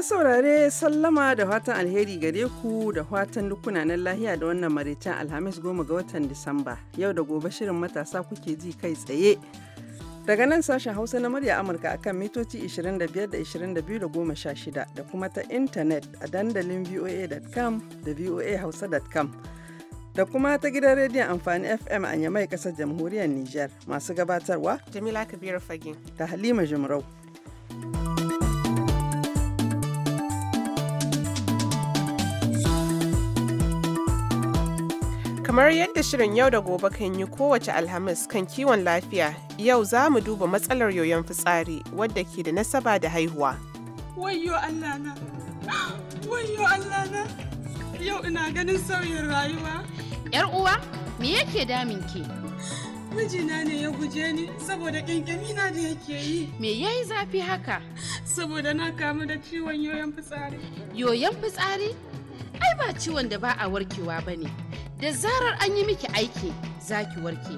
Masu saurare sallama da fatan alheri gare ku da fatan dukkanan lahiya da wannan maritan Alhamis goma ga watan Disamba. Yau da gobe shirin matasa kuke ji kai tsaye. Daga nan sashen Hausa na murya Amurka akan mitoci 25 da 22 da 16 da kuma ta intanet a dandalin voa.com da voahausa.com. da kuma ta gidan rediyon amfani FM a Yamai kasar jamhuriyar Nijar masu gabatarwa Jamila Kabiru Fagin da Halima Jumrau. Kamar yadda shirin yau da gobe kan yi kowace Alhamis kan kiwon lafiya, yau za mu duba matsalar yoyon fitsari wadda ke da nasaba da haihuwa. Wayyo Allah na! Wayyo Allah na! Yau ina ganin sauyin rayuwa. ‘Yar uwa, me yake damin ke? Mijina ne ya guje ni saboda na da yake yi. Me ya yi zafi haka? Saboda na kamu da ciwon yoyon fitsari. Yoyon fitsari? Ai ba ciwon da ba a warkewa ba ne. da zarar an yi miki aiki za ki warke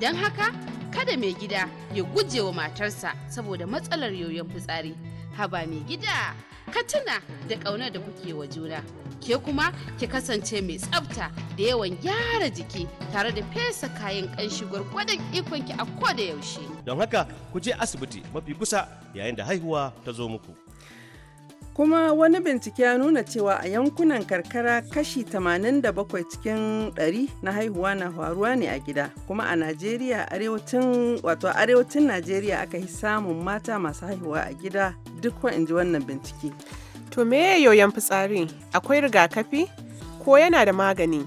don haka kada mai gida ya guje wa matarsa saboda matsalar yoyon fitsari haba mai gida ka tuna da ƙaunar da kuke wa juna ke kuma ki kasance mai tsafta da yawan gyara jiki tare da fesa kayan ƙanshi gwargwadon ikonki a ko da yaushe don haka ku je asibiti mafi kusa yayin da haihuwa ta zo muku kuma wani bincike ya nuna cewa a yankunan karkara kashi 87 cikin 100 na haihuwa na faruwa ne a gida kuma a najeriya arewacin wato arewacin najeriya aka yi samun mata masu haihuwa a gida duk wa inji wannan bincike to me yoyon fitsari akwai rigakafi ko yana da magani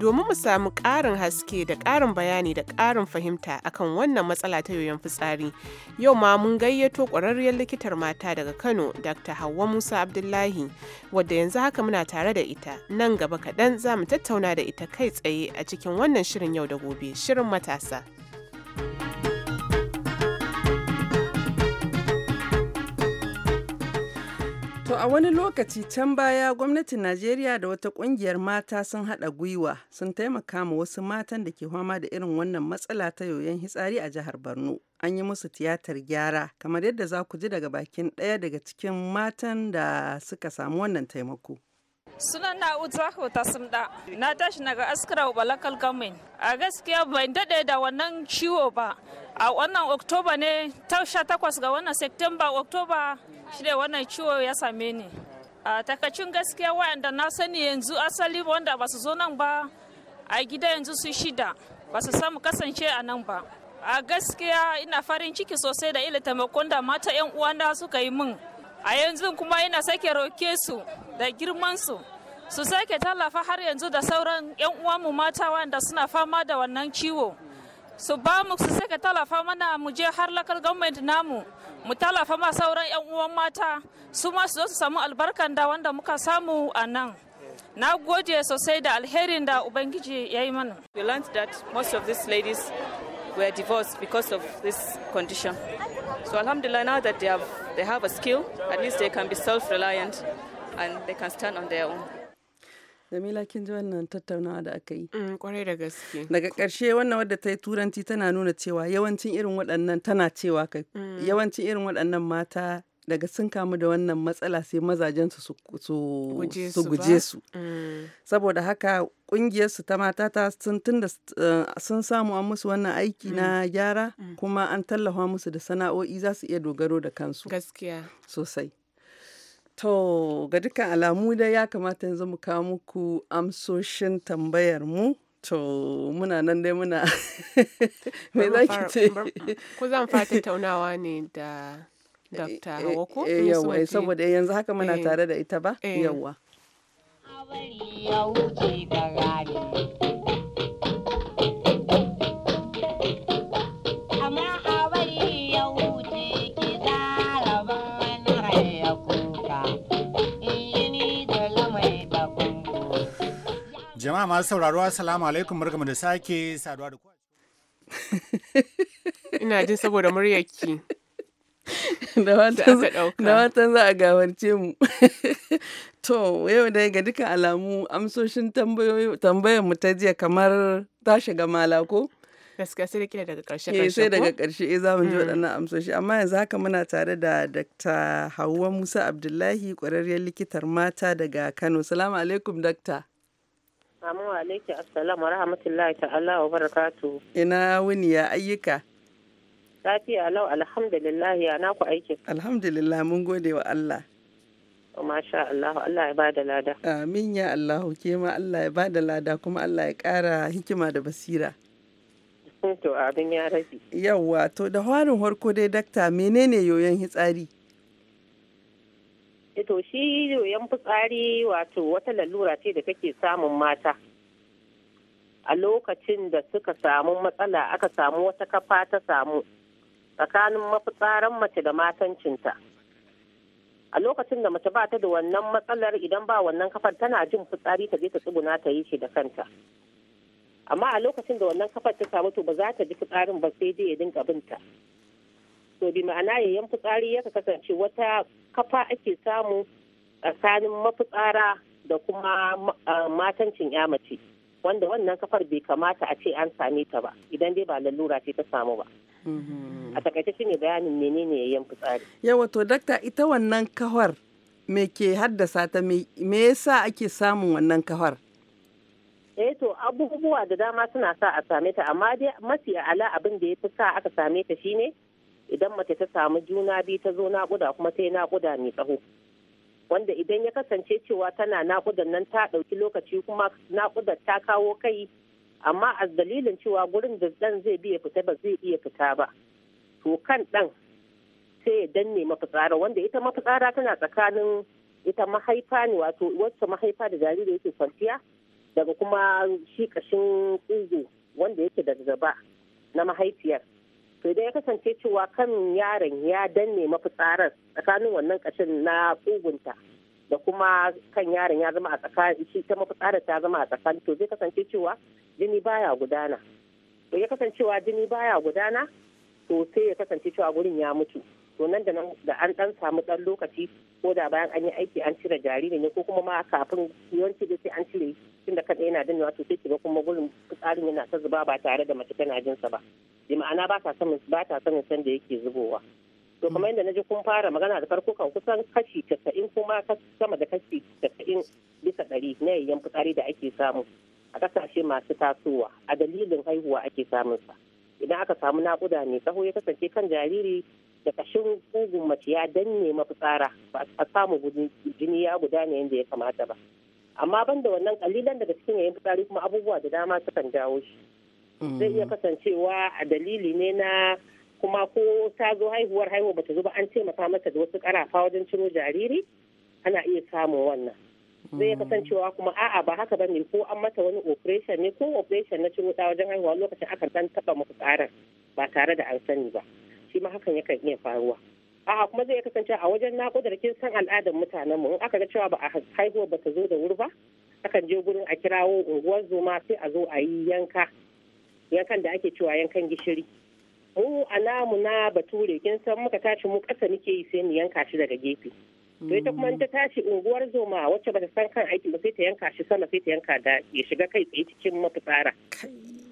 domin mu samu ƙarin haske da ƙarin bayani da ƙarin fahimta akan wannan matsala ta yoyon fitsari yau ma mun gayyato ƙwararriyar likitar mata daga kano dr hawa musa abdullahi wadda yanzu haka muna tare da ita nan gaba kaɗan za mu tattauna da ita kai tsaye a cikin wannan shirin yau da gobe shirin matasa. To a wani lokaci can baya gwamnatin Najeriya da wata kungiyar mata sun haɗa gwiwa sun taimaka ma wasu matan da ke fama da irin wannan matsala ta yoyon hitsari a jihar Borno. An yi musu tiyatar gyara kamar yadda za ku ji daga bakin ɗaya daga cikin matan da suka samu wannan taimako. sunan na Uzahu ta sumda na tashi daga askira balakal gamin a gaskiya bai daɗe da wannan ciwo ba a wannan oktoba ne ta sha takwas ga wannan september oktoba shi ne wannan ciwo ya same ni a takacin gaskiya wayanda na sani yanzu asali wanda ba su zo nan ba a gida yanzu su shida ba su samu kasance a nan ba a gaskiya ina farin ciki sosai da ila taimakon da mata yan uwana suka yi min a yanzu kuma ina sake roke su da girmansu su sake tallafa har yanzu da sauran 'yan uwanmu mata wanda suna fama da wannan ciwo su ba mu su sake tallafa mana mu je har lakar gwamnati namu mu tallafa ma sauran 'yan uwan mata su ma su zo su samu albarkan da wanda muka samu a nan na gode sosai da alherin da ubangiji ya yi mana we learned that most of these ladies were divorced because of this condition so alhamdulillah now that they have, they have a skill at least they can be self-reliant and they can stand on their own. Jamila kin ji wannan tattaunawa da aka yi. Mm, kwarai da gaske. Daga ƙarshe wannan wadda ta yi turanci tana nuna cewa yawancin irin waɗannan tana cewa kai mm. yawancin irin waɗannan mata daga sun kamu da wannan matsala sai mazajen su guje su mm. saboda haka su ta mata ta sun tunda eh, sun samu an musu wannan aiki na gyara kuma an tallafa musu da sana'o'i za su iya dogaro da kansu gaskiya sosai To, ga dukkan alamu dai ya kamata yanzu mu kawo muku amsoshin tambayar mu. To, muna nan dai muna. Me za ki ce? Ku zan fata taunawa ne da Dr. Hawa E, Yawwa, saboda yanzu haka muna eh, tare da ita ba? Eh. Yawwa. ya wuce ga masu sauraro assalamu alaikum barkamu da sake saduwa da ina jin saboda muryarki da watan za a gawarce mu to yau dai ga duka alamu amsoshin tambayar mu ta jiya kamar ta shiga mala ko gaskiya sai da daga karshe karshe eh, sai daga karshe eh zamu ji hmm. waɗannan amsoshi amma yanzu haka muna tare da Dr. Hauwa Musa Abdullahi ƙwararriyar likitar mata daga Kano salamu alaikum doctor Salamu alaikum assalam wa rahmatullahi ta'ala wa barakatu. Ina wuni ya ayyuka. Lafiya lau alhamdulillah ya ku aiki? Alhamdulillah mun gode wa Allah. Oh, masha Allah, Allah ya bada lada. Amin ya Allah, ke ma Allah ya bada lada kuma Allah ya ƙara hikima da basira. To abin ya rabi. Yawwa, to da harin harko dai dakta menene yoyon hitsari? Eh, to shi yoyon fitsari wato wata lalura ce da take samun mata a lokacin da suka samu matsala aka samu wata kafa ta samu tsakanin mafitsaran mace da matancinta a lokacin da mace ba ta da wannan matsalar idan ba wannan kafar tana jin fitsari ta je ta tsuguna ta yi shi da kanta amma a lokacin da wannan kafar ta samu to ba za ta ji fitsarin ba sai dai ya dinga binta so bi ma'ana yayin fitsari ya kasance wata kafa ake samu tsakanin mafitsara da kuma ah, matancin ya wanda wannan kafar bai kamata a ce an same ta ba idan dai ba lalura ce ta samu ba mm-hmm. a takaice ne bayanin menene yayin fitsari yawa to dakta ita wannan kawar me ke haddasa ta me yasa ake samun wannan kawar eh to abubuwa da dama suna sa a same ta amma dai mafi ala abin da ya fi sa aka same ta shine idan mace ta samu juna biyu ta zo naƙuda kuma ta yi naƙuda mai tsaho wanda idan ya kasance cewa tana naƙudan nan ta ɗauki lokaci kuma naƙudar ta kawo kai amma a dalilin cewa gurin da ɗan zai biya fita ba zai iya fita ba to kan ɗan sai ya danne mafitsara wanda ita mafitsara tana tsakanin ita mahaifa ne wato wacce mahaifa da jariri yake kwanciya daga kuma shi ƙashin ƙugu wanda yake da gaba na mahaifiyar to idan ya kasance cewa kan yaron ya danne mafitsarar tsakanin wannan kashin na kugunta da kuma kan yaron ya zama a tsakanin shi ta mafitsarar ta zama a tsakanin to zai kasance cewa jini baya gudana to ya kasancewa jini baya gudana to sai ya kasance cewa gurin ya mutu to nan da nan da an dan samu dan lokaci ko da bayan an yi aiki an cire jaririn ne ko kuma ma kafin yawanci da sai an cire tunda kada yana dannewa to sai kuma gurin fitsarin yana ta zuba ba tare da mace tana jinsa ba bi ma'ana ba ta sanin ba ta sanin da yake zubowa to kamar yadda ji kun fara magana da farko kan kusan kashi 90 kuma sama da kashi 90 bisa ɗari na yayyan fitsari da ake samu a kasashe masu tasowa a dalilin haihuwa ake samun sa idan aka samu nakuda mai tsaho ya kasance kan jariri da kashin kugun mace ya danne mafitsara ba a samu jini ya ne yadda ya kamata ba amma ban da wannan kalilan daga cikin yayin fitsari kuma abubuwa da dama sukan jawo shi zai iya kasancewa a dalili ne na kuma ko ta zo haihuwar haihuwa bata zo ba an taimaka masa da wasu karafa wajen ciro jariri ana iya samun wannan zai iya kasancewa kuma a'a ba haka bane ko an mata wani operation ne ko operation na ciro ta wajen haihuwa lokacin aka dan taba muku karar ba tare da an sani ba shi ma hakan yakan iya faruwa a'a kuma zai iya kasancewa a wajen naƙudar kin san al'adar mutanen mu in aka ga cewa ba a haihuwa bata zo da wuri ba akan je gurin a kirawo unguwar zoma sai a zo a yi yanka yankan da ake cewa yankan gishiri mu a namu na bature kin san muka tashi mu kasa muke yi sai mu yanka shi daga gefe to ita kuma ta tashi unguwar zoma wacce bata san kan aiki ba sai ta yanka shi sama sai ta yanka da ya shiga kai tsaye cikin mafitsara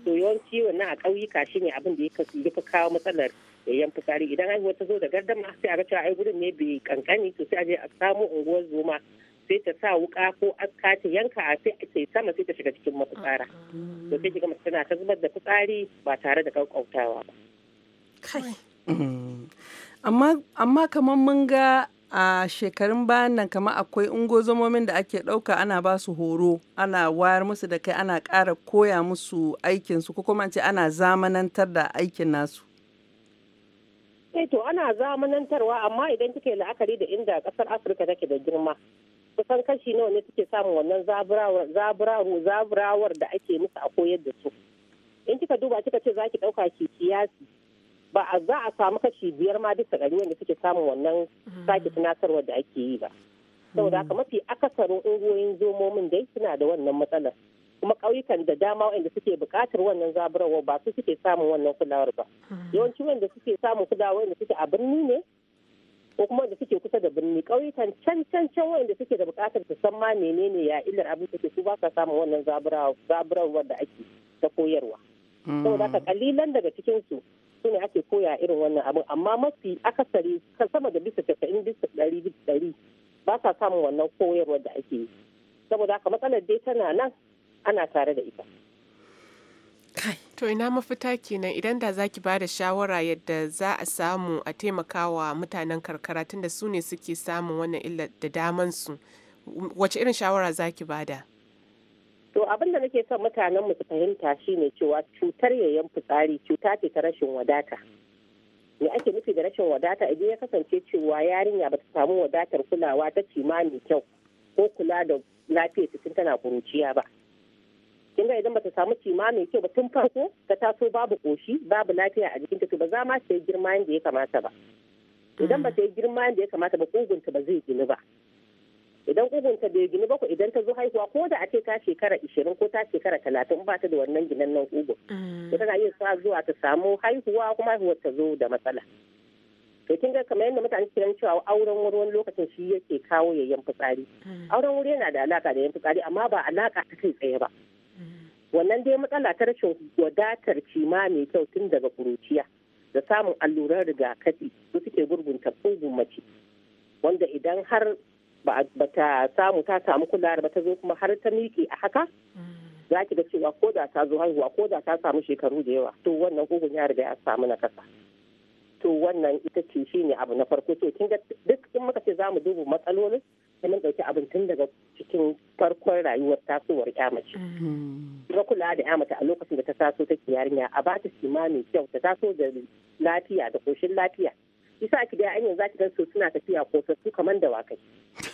to yawanci wannan a ƙauyuka ne abin da ya fi kawo matsalar yayyan fitsari idan haihuwa ta zo da gardama sai a ga cewa ai gudun ne bai kankani to sai a je a samu unguwar zoma sai ta sa wuka ko aska ta yanka a sai ta sama sai ta shiga cikin mafitsara to sai shiga mace tana ta zubar da fitsari ba tare da kankautawa ba kai mm-hmm. amma kamar mun ga a shekarun bayan nan kamar akwai ungozomomin da ake ɗauka ana ba su horo ana wayar musu da kai ana ƙara koya musu aikinsu ko kuma ce ana zamanantar da aikin nasu e to ana zamanantarwa amma idan kike la'akari da inda kasar afirka take da girma kusan kashi nawa ne suke samun wannan zaburawar da ake musu a koyar da su in kika duba kika ce za ki ɗauka ki kiyasi ba a za a samu kashi biyar ma bisa ɗari wanda suke samun wannan hmm. sake tunatarwar da ake yi ba saboda haka hmm. mafi akasarin ungoyin zomomin dai suna da wannan matsalar kuma ƙauyukan da dama waɗanda suke bukatar wannan zaburawar ba su suke samun wannan kulawar ba hmm. yawanci wanda suke samun kulawar wanda suke a birni ne ko kuma da suke kusa da birni ƙauyukan can can can wanda suke da buƙatar su san ma menene ya illar abin take su ba sa samun wannan zaburarwar da ake ta koyarwa mm. saboda haka kalilan daga cikin su sune ake koya irin wannan abin amma mafi akasari kan sama da bisa casa'in bisa ɗari bisa ɗari ba sa samun wannan koyarwar da ake yi saboda haka matsalar dai tana nan ana tare da ita. To ina mafita kenan idan da zaki ba da shawara yadda za a samu a taimakawa mutanen karkara tunda su ne suke samun wannan illa da daman su. Wace irin shawara zaki bada? To abin da nake son mutanen mu su fahimta shine cewa cutar yayan fitsari cuta ce ta rashin wadata. Me ake nufi da rashin wadata idan ya kasance cewa yarinya ba ta samu wadatar kulawa ta cima mai kyau ko kula da lafiya tun tana kuruciya ba. kin ga idan bata samu cima mai kyau ba tun farko ta taso babu koshi babu lafiya a jikinta to ba za ma ta yi girma yadda ya kamata ba idan ba ta yi girma yadda ya kamata ba kugunta ba zai gini ba idan kugunta bai gini ba ku idan ta zo haihuwa ko da a ce ta shekara ishirin ko ta shekara talatin ba ta da wannan ginan nan kugun mm. to tana yin sa zuwa ta samu haihuwa kuma haihuwar ta zo da matsala to kin ga kamar yadda mutane ke cewa auren wuri wani lokacin shi yake kawo yayyan fitsari mm. auren wuri yana da alaka da yayyan fitsari amma ba alaka ta kai tsaye ba wannan dai matsala ta rashin wadatar cima mai kyau tun daga kuruciya da samun alluran rigakafi su suke gurgunta ƙugun mace wanda idan har ba ta samu ta samu kulawar ba ta zo kuma har ta miƙe a haka za ki ga cewa ko da ta zo haihuwa ko da ta samu shekaru da yawa to wannan ƙugun ya riga ya samu na kasa to wannan ita ce shine abu na farko to kin ga duk in muka ce za mu duba matsalolin sai mun ɗauki abin tun daga cikin farkon rayuwar tasowar ya mace. Mm. Kuma kula da ya mace a lokacin da ta taso take yarinya a ba ta sima mai kyau ta taso da lafiya da koshin lafiya. Isa ki da yanzu zaki ki gan su suna tafiya kosassu kamar dawakai.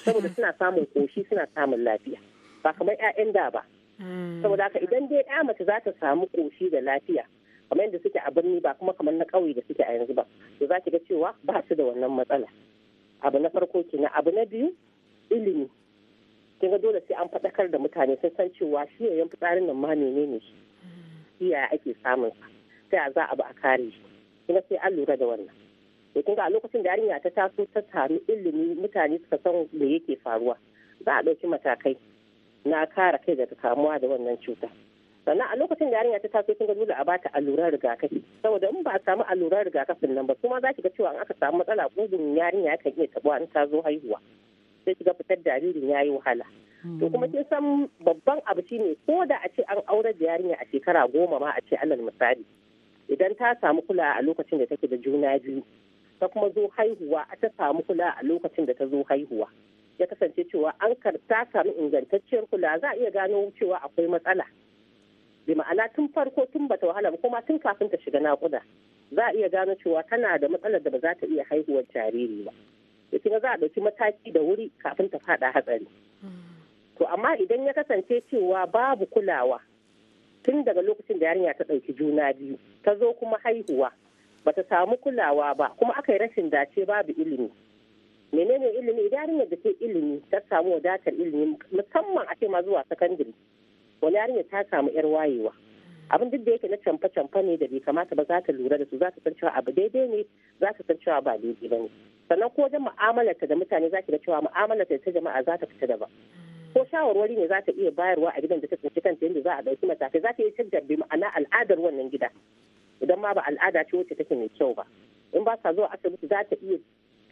Saboda suna samun koshi suna samun lafiya. Ba kamar 'ya'yan da ba. Mm. Saboda haka idan dai ya mace za ta samu koshi da lafiya. kamar yadda suke a birni ba kuma kamar na ƙauye da suke a yanzu ba to za ki ga cewa ba su da wannan matsala abu na farko kenan abu na biyu ilimi kin ga dole sai an faɗakar da mutane sun san cewa shi ya yayin fitsarin nan ma menene shi ya ake samun sa sai za a ba a kare shi kin sai an lura da wannan to kin ga a lokacin da yarinya ta taso ta samu ilimi mutane suka san me yake faruwa za a ɗauki matakai na kare kai daga kamuwa da wannan cuta sannan a lokacin da yarinya ta taso kin ga dole a ba ta allurar rigakafi saboda in ba a samu allurar rigakafin nan ba kuma za ki ga cewa in aka samu matsala kugun yarinya kan iya tabuwa in ta zo haihuwa sai ga fitar jaririn ya yi wahala to kuma hmm. kin san babban abu ne ko da a ce an aure da yarinya a shekara goma ma a ce alal misali idan ta samu kula a lokacin da take da juna biyu ta kuma zo haihuwa ta samu kula a lokacin da ta zo haihuwa ya kasance cewa an karta samu ingantacciyar kula za a iya gano cewa akwai matsala bi ma'ana tun farko tun bata wahala ba kuma tun kafin ta shiga naƙuda za a iya gano cewa tana da matsalar da ba za ta iya haihuwar jariri ba ya kuma za a ɗauki mataki da wuri kafin ta faɗa hatsari to amma idan ya kasance cewa babu kulawa tun daga lokacin da yarinya ta ɗauki juna biyu ta zo kuma haihuwa bata samu kulawa ba kuma aka yi rashin dace babu ilimi menene ilimi idan yarinya da ke ilimi ta samu wadatar ilimi musamman a ce ma zuwa sakandare wani yarinya ta samu yar wayewa abin duk da yake na canfa-canfa ne da bai kamata ba za ta lura da su za ta san cewa abu daidai ne za ta san cewa ba daidai ba ne sannan ko wajen mu'amalarta da mutane za ki ga cewa mu'amalarta ta jama'a za ta fita ba ko shawarwari ne za ta iya bayarwa a gidan da ta tsinci kanta yadda za a ɗauki matakai za ta iya canjar bi ma'ana al'adar wannan gida idan ma ba al'ada ce wacce take mai kyau ba in ba sa zuwa asibiti za ta iya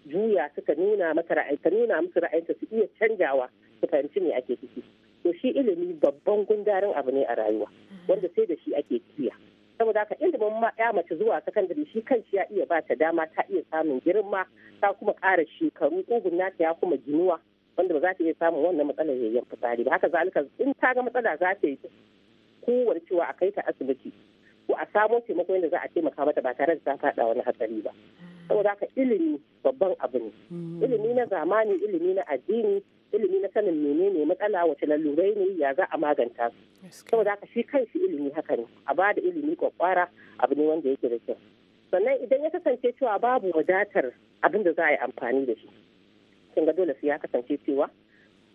juya suka nuna mata ta nuna musu ra'ayinta su iya canjawa su fahimci me ake ciki to shi ilimi babban gundarin abu ne a rayuwa wanda sai da shi ake kiya saboda haka ilimin ma ya mace zuwa sakandare shi kan shi ya iya ba ta dama ta iya samun girma ta kuma ƙara shekaru ƙugun nata ya kuma ginuwa wanda ba za ta iya samun wannan matsalar yayyan fitsari ba haka zalika in ta ga matsala za ta yi kowar cewa a kai ta asibiti ko a samo taimako yadda za a taimaka mata ba tare da ta faɗa wani hatsari ba saboda haka ilimi babban abu ne hmm. ilimi na zamani ilimi na addini ilimi na sanin menene matsala wace lalurai ne ya za a maganta su saboda haka shi shi ilimi haka ne a ba da ilimi kwakwara abu ne wanda yake da kyau sannan idan ya kasance cewa babu wadatar abin da za a yi amfani da shi kin ga dole sai ya kasance cewa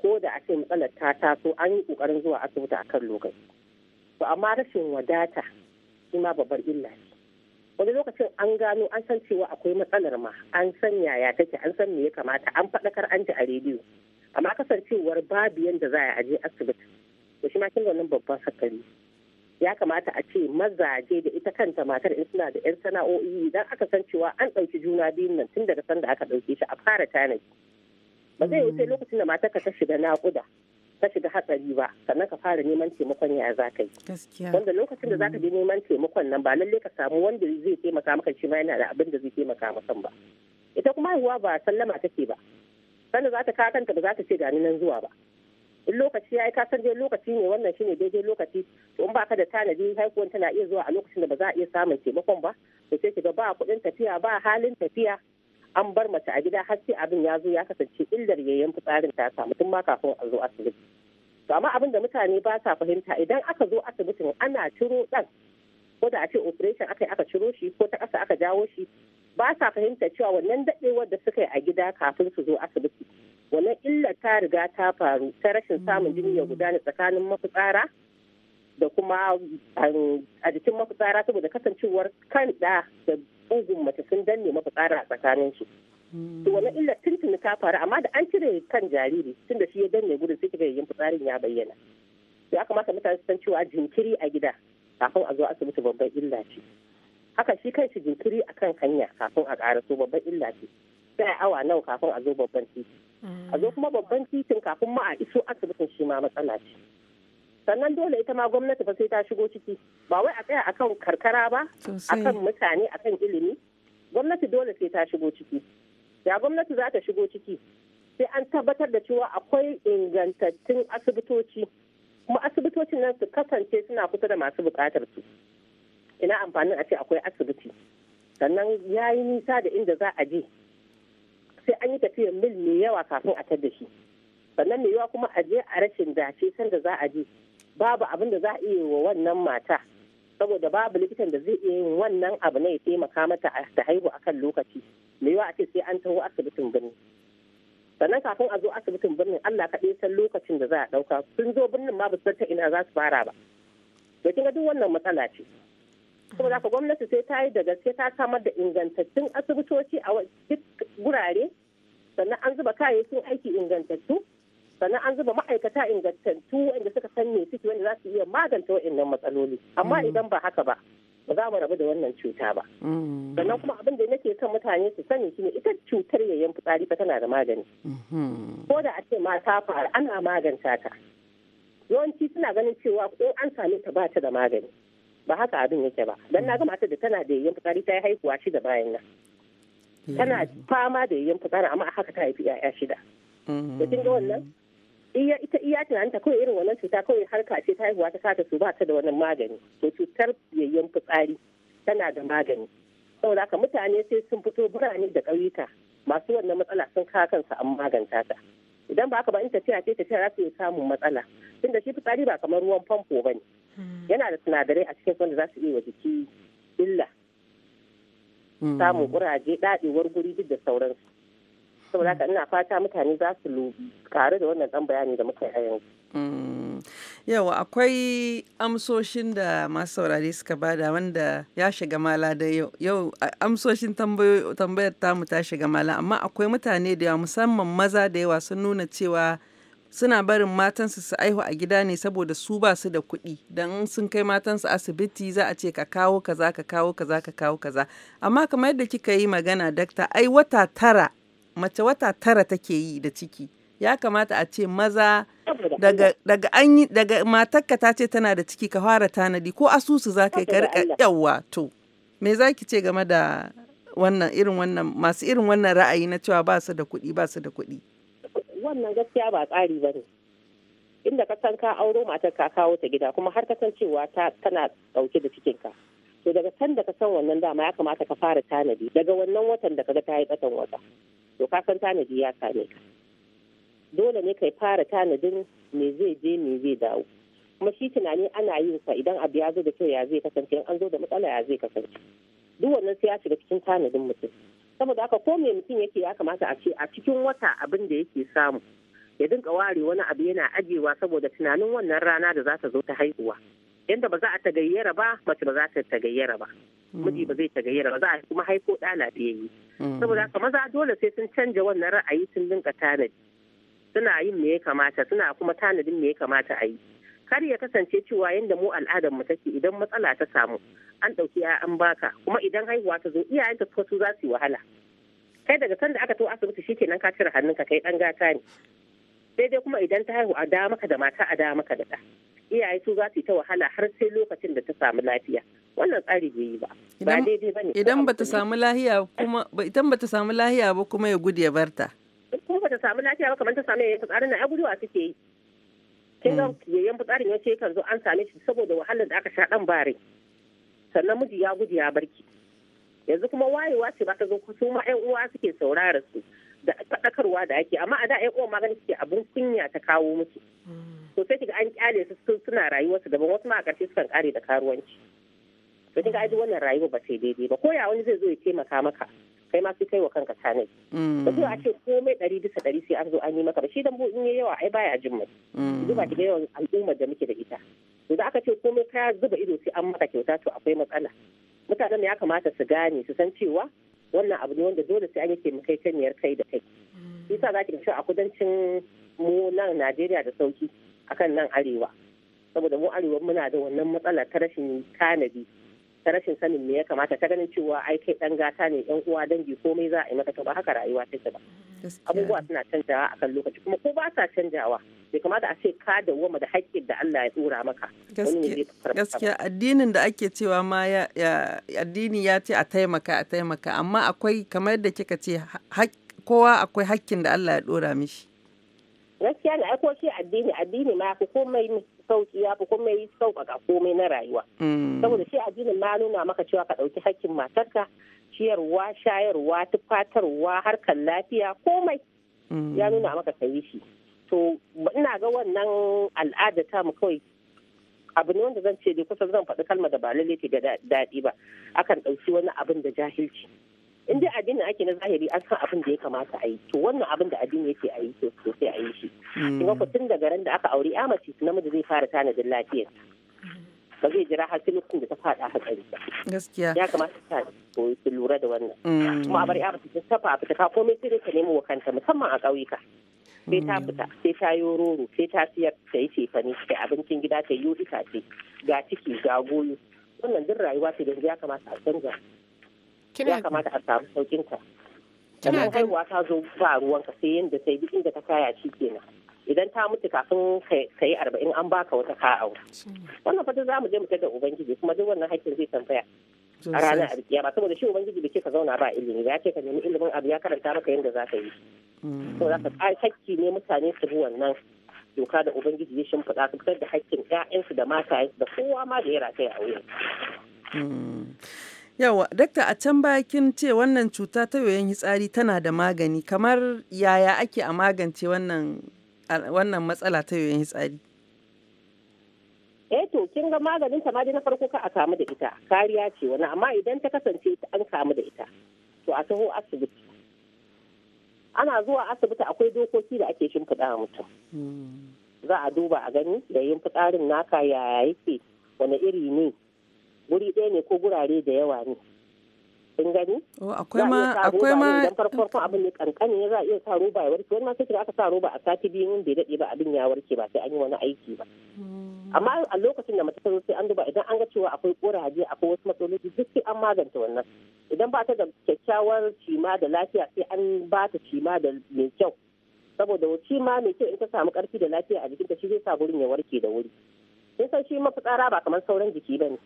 ko da a ce matsalar ta taso an yi kokarin zuwa asibiti a kan lokaci to amma rashin wadata shi ma babbar illa ne wani lokacin an gano an san cewa akwai matsalar ma an san yaya take an san me ya kamata an faɗakar an ji a rediyo amma kasancewar babu yadda za a je asibiti to shi ma kin wannan babban sakari ya kamata a ce mazaje da ita kanta matar in suna da yan sana'o'i idan aka san cewa an ɗauki juna biyun nan tun daga sanda aka ɗauke shi a fara tanadi ba zai wuce mm. lokacin da ka ta shiga naƙuda ka shiga hatsari ba sannan ka fara neman taimakon ya za ka yi wanda lokacin da za ka je mm. neman taimakon nan ba lalle ka samu wanda zai taimaka maka shi ma yana da abin da zai taimaka maka ba ita kuma haihuwa ba sallama take ba sanda za ta kakanta ba za ta ce gani nan zuwa ba in lokaci ya yi ka san dai lokaci ne wannan shine daidai lokaci to in baka da tanadi haihuwan tana iya zuwa a lokacin da ba za a iya samun taimakon ba to sai ga ba kuɗin tafiya ba halin tafiya an bar mace a gida har sai abin ya zo ya kasance illar yayin tsarin ta samu tun ma kafin a zo asibiti to amma abin da mutane ba sa fahimta idan aka zo asibitin ana ciro dan ko da a ce operation aka yi aka ciro shi ko ta ƙasa aka jawo shi ba sa fahimta cewa wannan daɗewar da suka yi a gida kafin su zo asibiti wannan illar ta riga ta faru ta rashin samun jini ya gudana tsakanin mafitsara da kuma um, a jikin mafitsara saboda kasancewar kan da ƙugun mace sun danne mafitsara a tsakanin su to wani illa tuntuni ta faru amma da an cire kan jariri tun da shi ya danne gudun sai kika yin fitsarin ya bayyana ya kamata mutane su san cewa jinkiri a gida kafin a zo asibiti babban illa ce haka shi shi jinkiri a kan hanya kafin a karaso babban illa ce sai awa nawa kafin a zo babban titi a zo kuma babban titin kafin ma a iso asibitin shi ma matsala ce sannan dole ita ma gwamnati ba sai ta shigo ciki ba wai a tsaya akan karkara ba akan mutane akan ilimi gwamnati dole sai ta shigo ciki ya gwamnati za ta shigo ciki sai an tabbatar da cewa akwai ingantattun asibitoci kuma asibitocin nan su kasance suna kusa da masu bukatar su ina amfanin a ce akwai asibiti sannan ya yi nisa da inda za a je sai an yi tafiyar mil mai yawa kafin a tada shi sannan mai yawa kuma a je a rashin dace sanda za a je babu abin da za a iya wa wannan mata saboda babu likitan da zai iya yin wannan abu ne ya taimaka mata ta haihu a kan lokaci mai yiwa a ce sai an taho asibitin birni sannan kafin a zo asibitin birnin Allah kaɗai san lokacin da za a ɗauka sun zo birnin ma san ta ina za su fara ba da kin ga duk wannan matsala ce saboda ka gwamnati sai ta yi da gaske ta samar da ingantattun asibitoci a duk gurare sannan an zuba kayayyakin aiki ingantattu sannan an zuba ma'aikata ingantattu wanda suka san me suke wanda za su iya magance wa'annan matsaloli amma mm. idan ba haka ba ba za mu rabu da wannan cuta ba mm. sannan kuma abin da nake kan mutane su sani shine ita cutar yayin fitsari ba tana da magani mm-hmm. ko da a ce mata fara ana maganta ta yawanci suna ganin cewa ko an same ta ba ta da magani ba haka abin yake ba dan na ga mata da tana da yayin fitsari ta yi haihuwa shida bayan nan tana mm. fama da yayin fitsari amma haka ta haifi 'ya'ya shida da kin ga wannan iya ita iya tunanta kawai irin wannan cuta kawai harka ce ta haihuwa ta kata su ba ta da wannan magani to cutar yayyen fitsari tana da magani saboda haka mutane sai sun fito birane da ƙauyuka masu wannan matsala sun kawo kansu an maganta ta idan ba haka ba in tafiya ce tafiya za su iya samun matsala tunda shi fitsari ba kamar ruwan famfo ba ne hmm. yana da sinadarai a cikin wanda za su iya wa jiki illa hmm. samun kuraje ɗaɗewar guri duk da sauransu saboda ka ina fata mutane za su tare da wannan dan bayani da muka yi yanzu mm. yawa akwai amsoshin da masu saurari suka bada wanda ya shiga mala da yau amsoshin tambayar tamu ta shiga mala amma akwai mutane da yawa musamman maza da yawa sun nuna cewa suna barin matansu su aihu a gida ne saboda su ba su da kuɗi don sun kai matansu asibiti za a ce ka kawo kaza ka kawo kaza ka kawo kaza amma kamar yadda kika yi magana dakta ai wata tara mace wata tara take yi da ciki ya kamata a ce maza daga daga matarka ta ce tana da ciki ka fara tanadi ko asusu za ka yi ka yawa to me za ki ce game da wannan irin wannan masu irin wannan ra'ayi na cewa ba su da kuɗi ba su da kuɗi wannan gaskiya ba tsari ba ne inda ka san ka auro matar ka kawo ta gida kuma har ka san cewa ta tana ɗauke da cikinka to daga can da ka san wannan dama ya kamata ka fara tanadi daga wannan watan da kaga ta yi batan wata to ka san tanadi ya same ka dole ne kai fara tanadin me zai je me zai dawo kuma shi tunani ana yin sa idan abu ya zo da kyau ya zai kasance in an zo da matsala ya zai kasance duk wannan sai ya shiga cikin tanadin mutum saboda haka ko me mutum yake ya kamata a ce a cikin wata abin da yake samu ya dinka ware wani abu yana ajiyewa saboda tunanin wannan rana da za ta zo ta haihuwa yadda ba za a tagayyara ba mace ba za ta tagayyara ba hmm. miji ba zai tagayyara ba za a kuma haiko ɗa lafiyayye hmm. saboda haka maza dole sai sun canja wannan ra'ayi sun dinka tanadi suna yin me ya kamata suna kuma tanadin me ya kamata a yi kar ya kasance cewa yadda mu al'adar mu take idan matsala ta samu an ɗauki an baka kuma idan haihuwa ta zo iyayen ta su za su yi wahala kai daga sanda aka to asibiti shi kenan ka cire hannunka kai ɗan gata ne sai dai kuma idan ta haihu a da maka da mata a da maka da ɗa iyaye su za su yi ta wahala har sai lokacin da ta samu lafiya wannan tsari bai yi ba ba daidai ne idan ta samu lafiya kuma idan bata samu lahiya ba kuma ya gudu ya barta ba ta samu lafiya ba kamar ta samu yayin fitsarin na ai suke yi kin ga mm. yayin fitsarin ya ce kan zo an same shi saboda wahalar da aka sha dan bare sannan miji ya gudu ya barki yanzu kuma wayewa ce ba ta zo su ma ƴan uwa suke saurara su da faɗakarwa da ake amma a da ƴan uwan magani suke abun kunya ta kawo musu mm. to sai kiga an kyale su suna rayuwarsu daban wasu ma a ƙarshe sukan kare da karuwanci to kinga aji wannan rayuwa ba sai daidai ba ko ya wani zai zo ya taimaka maka kai ma sai kai wa kanka tanai mm. ba zuwa ce komai ɗari bisa ɗari sai an zo an yi maka ba shi dan in yi yawa ai baya jin mai zuba mm. ba kiga yawan al'ummar da muke da ita to da aka ce komai ka zuba ido sai an maka kyauta to akwai matsala mutanen ya kamata su gane su san cewa wannan abu ne wanda dole sai an yi taimakaitaniyar kai da kai shi sa za ki cewa a kudancin mu nan najeriya da sauki akan nan arewa saboda mu arewa muna da wannan matsalar ta rashin tanadi ta rashin sanin me ya kamata ta ganin cewa ai kai dan gata ne yan uwa dangi komai za a yi maka ta ba haka rayuwa ta ba abubuwa suna canjawa a kan lokaci kuma ko ba sa canjawa bai kamata a ce ka dawwama da haƙƙin da Allah ya tsora maka gaskiya addinin da ake cewa ma ya addini ya ce a taimaka a taimaka amma akwai kamar yadda kika ce kowa akwai haƙƙin da Allah ya dora mishi gaskiya ne aiko shi addini addini ma ko komai sauki ya fi komai sauƙaƙa komai na rayuwa mm. saboda shi addinin ma nuna maka cewa ka ɗauki hakkin matarka ciyarwa shayarwa tufatarwa harkar lafiya komai mm. ya nuna maka kayi shi to ina ga wannan al'ada ta mu kawai abu ne wanda zan ce dai kusan zan faɗi kalma da ba lalle ke da daɗi ba akan ɗauki wani abin da jahilci in dai addinin ake na zahiri an san abin da ya kamata a yi to wannan abin da addini yake a yi to a yi shi mm. kuma ku tun daga ran da aka aure amace namiji zai fara tanadin lafiyar ba zai jira har sai lokacin da ta faɗa hatsari ba gaskiya ya kamata ta su lura da wannan mm. kuma a bari ya ta safa a fita kafo komai sai ka nemo wa kanta musamman a ƙauyuka sai ta mm. fita sai ta yi roro sai ta siyar ta yi cefane da abincin gida ta yi itace ga ciki ga goyo wannan duk rayuwa ce da ya kamata a canza ya kamata a samu saukin ta sannan haihuwa ta zo ba ruwanka sai yadda sai duk inda ta kaya shi kenan idan ta mutu kafin ka yi arba'in an baka wata ka'a wannan fata za mu je mu da ubangiji kuma duk wannan haƙƙin zai tambaya a ranar ba saboda shi ubangiji da ce ka zauna ba ilimi ya ce ka nemi ilimin abu ya karanta maka yadda za ka yi to za ka hakki ne mutane su bi wannan doka da ubangiji ya shimfiɗa su fitar da hakkin ƴaƴansu da matayensu da kowa ma da ya rataya a wuyan mm. yawa dakta a can bakin ce wannan cuta ta yoyon hitsari tana da magani kamar yaya ake a magance wannan matsala ta yoyon hitsari eh to kin ga maganin ta ma na farko ka a kamu da ita kariya ce wani amma idan ta kasance ta an kamu da ita to a taho asibiti ana zuwa asibiti akwai dokoki da ake shimfiɗa mutum hmm. za a duba a gani da yin fitsarin naka yaya yake wani iri ne guri ɗaya ne ko gurare da yawa ne kin gani oh, akwai ma akwai ma dan farko abin ne kankani za a iya sa roba ya warke wani ma sai aka sa roba a sati biyu mun bai dade ba abin ya warke ba sai an yi wani aiki ba hmm. amma a lokacin da mace ta zo sai an duba idan an ga cewa akwai kuraje akwai wasu matsaloli duk sai an magance wannan idan ba ta da kyakkyawar cima da lafiya sai an ba ta cima da mai kyau saboda ma mai kyau in ta samu karfi da lafiya a jikinta shi zai sa gurin ya warke da wuri sai san shi mafitsara ba kamar sauran jiki bane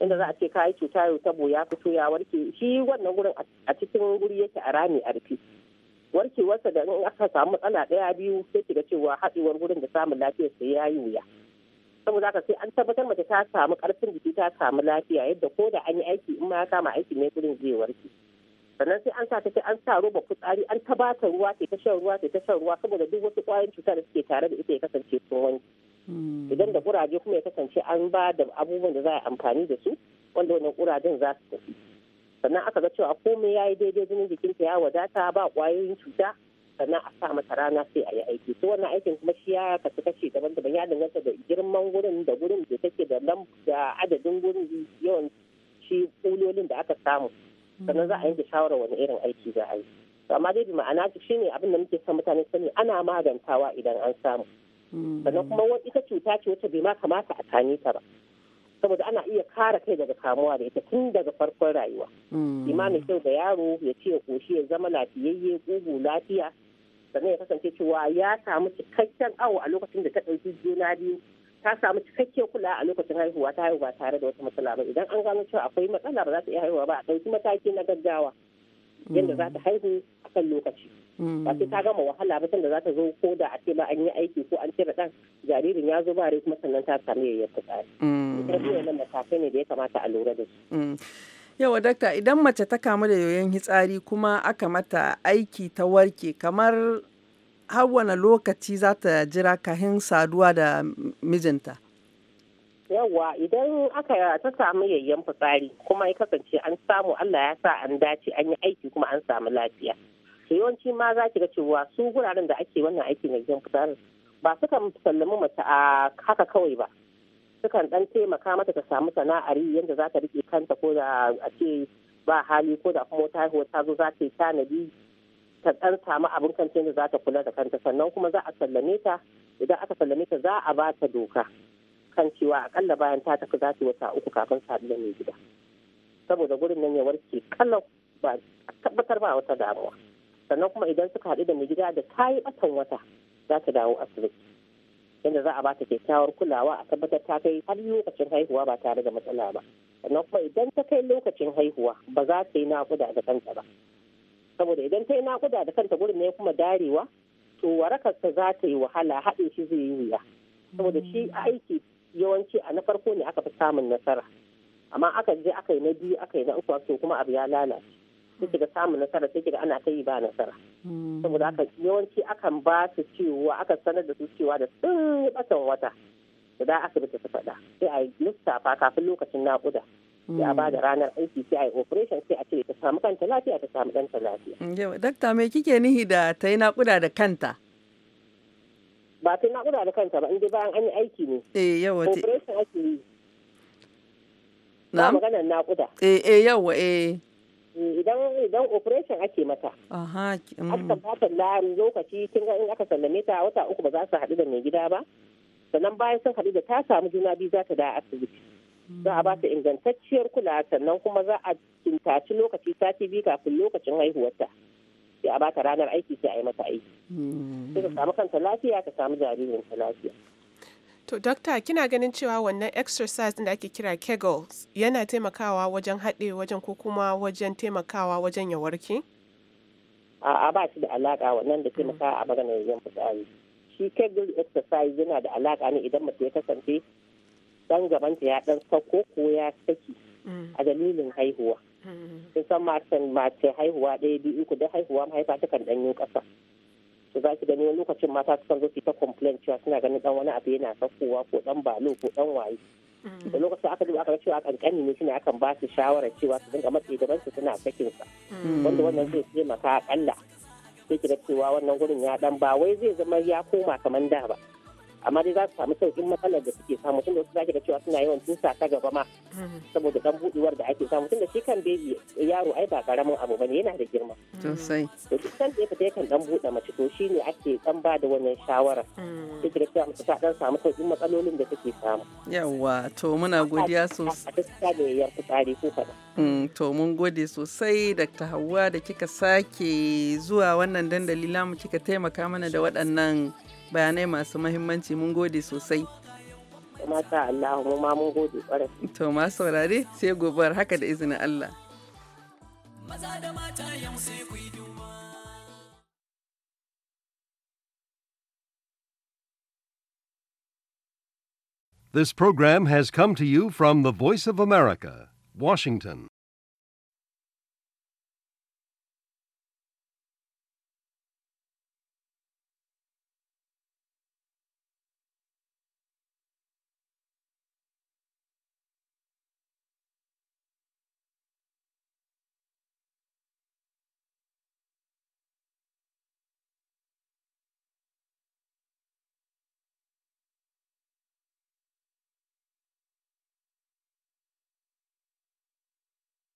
inda za a ce kayi cuta yau tabo ya fito ya warke shi wannan wurin a cikin guri yake a rami a rufe warkewarsa da in aka samu matsala daya biyu sai ga cewa haɗewar wurin da samun lafiyar sai ya yi wuya saboda haka sai an tabbatar mace ta samu karfin jiki ta samu lafiya yadda ko da an yi aiki in ma ya kama aiki ne gurin zai warke sannan sai an sa ta an sa roba kutsari an ta ruwa sai ta shan ruwa sai ta shan ruwa saboda duk wasu kwayoyin cutar da suke tare da ita ya kasance sun wanke Hmm. idan da kuraje kuma ya kasance an ba da abubuwan da za a amfani da su wanda wannan kurajen za su tafi sannan aka ga cewa komai ya yi daidai jinin jikinta ya wadata ba kwayoyin cuta sannan a sa mata rana sai a yi aiki to wannan aikin kuma shi ya kasu kashe daban daban ya danganta da girman gurin da gurin da take da da adadin gurin yawan shi kulolin da aka samu sannan za a yanke shawarar wani irin aiki za a yi amma dai ma'ana shine abin da muke son mutane sani ana magantawa idan an samu sannan kuma wani ita cuta ce wacce bai ma kamata a tani ta ba saboda ana iya kare kai daga kamuwa da ita tun daga farkon rayuwa imanin kyau da yaro ya ce ya koshi ya zama lafiyayye ƙugu lafiya sannan ya kasance cewa ya samu cikakken awo a lokacin da ta ɗauki juna biyu ta samu cikakken kula a lokacin haihuwa ta haihuwa tare da wata matsala ba idan an gano cewa akwai matsala ba za ta iya haihuwa ba a ɗauki mataki na gaggawa yadda za ta haihu a kan lokaci ba sai ta gama wahala ba sanda za ta zo ko da a ce ba an yi aiki ko an cire dan jaririn ya zo ba rai kuma sannan ta samu yayyar fitsari. Mm. Ita ce matakai ne da ya kamata a lura da su. Mm. Yawa dakta idan mace ta kamu da yoyon hitsari kuma aka mata aiki ta warke kamar har wane lokaci za ta jira kahin saduwa da mijinta? Yawa idan aka ta samu yayyan fitsari kuma ya kasance an samu Allah ya sa an dace an yi aiki kuma an samu lafiya. yawanci ma za ki ga cewa su guraren da ake wannan aiki na gidan fitar ba sukan sallami mace a haka kawai ba sukan dan taimaka mata ta samu sana'ari yadda za ta rike kanta ko da a ce ba hali ko da kuma wata haihuwa ta zo za ta yi tanadi ta dan samu abin kanta yadda za ta kula da kanta sannan kuma za a sallame ta idan aka sallame ta za a ba ta doka kan cewa akalla bayan ta tafi za ta wata uku kafin sa da mai gida saboda gurin nan ya warke kalau ba tabbatar ba wata damuwa sannan kuma idan suka haɗu da mai gida da ta yi watan wata za ta dawo asibiti yadda za a ba ta kyakkyawar kulawa a tabbatar ta kai har lokacin haihuwa ba tare da matsala ba sannan kuma idan ta kai lokacin haihuwa ba za ta yi naƙuda da kanta ba saboda idan ta yi naƙuda da kanta gurin ne kuma darewa to warakarsa za ta yi wahala haɗe shi zai yi wuya saboda shi aiki yawanci a na farko ne aka fi samun nasara amma aka je aka yi na biyu aka yi na uku to kuma abu ya lalace sai kiga samu nasara sai kiga ana ta yi ba nasara mm. saboda haka yawanci akan ba su cewa aka sanar da su cewa da sun yi batan wata da asibiti su faɗa sai a yi lissafa kafin lokacin naƙuda a ba da mm. ranar aiki sai a yi operation sai a ce ta samu kanta lafiya ta samu ɗanta lafiya. Mm, Dakta me kike nihi da ta yi naƙuda da kanta? Ba ta yi naƙuda da kanta ba, inda bayan an yi aiki ne. Eh yawa Operation ake yi. Na maganar naƙuda. Eh eh yawa eh. idan idan operation ake mata aha mm. aka ba ta lokaci kin ga in aka sallame ta wata uku ba za su haɗu da mai gida ba sannan bayan sun haɗu da ta samu juna biyu za ta da asibiti mm. za a ba ta ingantacciyar kula sannan kuma za a kintaci lokaci sati biyu kafin lokacin haihuwarta sai a ba ta ranar aiki sai a yi mata aiki mm. sai ka samu kanta lafiya ta samu jaririn ta lafiya To, dokta kina ganin cewa wannan exercise da ake kira kegels yana taimakawa wajen haɗe wajen ko kuma wajen taimakawa wajen ya warke? A'a ba shi da alaƙa wannan da taimakawa a maganar yin fitsari. Shi kegel exercise yana da alaƙa ne idan mutum ya kasance dan gabanta ya dan sauko ko ya saki mm. a dalilin haihuwa. Mm. Kin san mace haihuwa ɗaya biyu uku da haihuwa mahaifa ta ɗan ɗanyen ƙasa. za ki gani wani lokacin mata sukan zo su ta complain cewa suna ganin dan wani abu yana sakowa ko dan balo ko dan waye mm. da lokacin aka duba aka ga cewa kankani ne shine akan ba su shawara cewa su dinga matsi gaban su suna sakin sa mm. wanda wannan zai taimaka akalla sai ki da cewa wannan gurin ya dan ba wai zai zama ya koma kamar da ba amma dai za su samu sauƙin matsalar da suke samu tunda wasu zaki da cewa suna yawan tusa ta gaba ma mm-hmm. saboda dan buɗewar da ake samu tunda shi kan bebi yaro ai ba karamin abu bane yana da girma mm-hmm. sosai to duk san da ya fita yakan dan buɗe mace to shine ake dan ba da wannan shawara mm-hmm. duk da cewa mace ta dan samu sauƙin matsalolin da take samu yawa to muna godiya sosai a gaskiya da yayyar fitsari ko faɗa mm, to mun gode sosai Dr. Hauwa da kika sake zuwa wannan dandali lamu kika taimaka mana da waɗannan bayanai masu mahimmanci mun gode sosai Allah mu ma mun gode to ma saurare sai gobar haka da izinin Allah maza da mata yau sai ku yi This program has come to you from the Voice of America, Washington.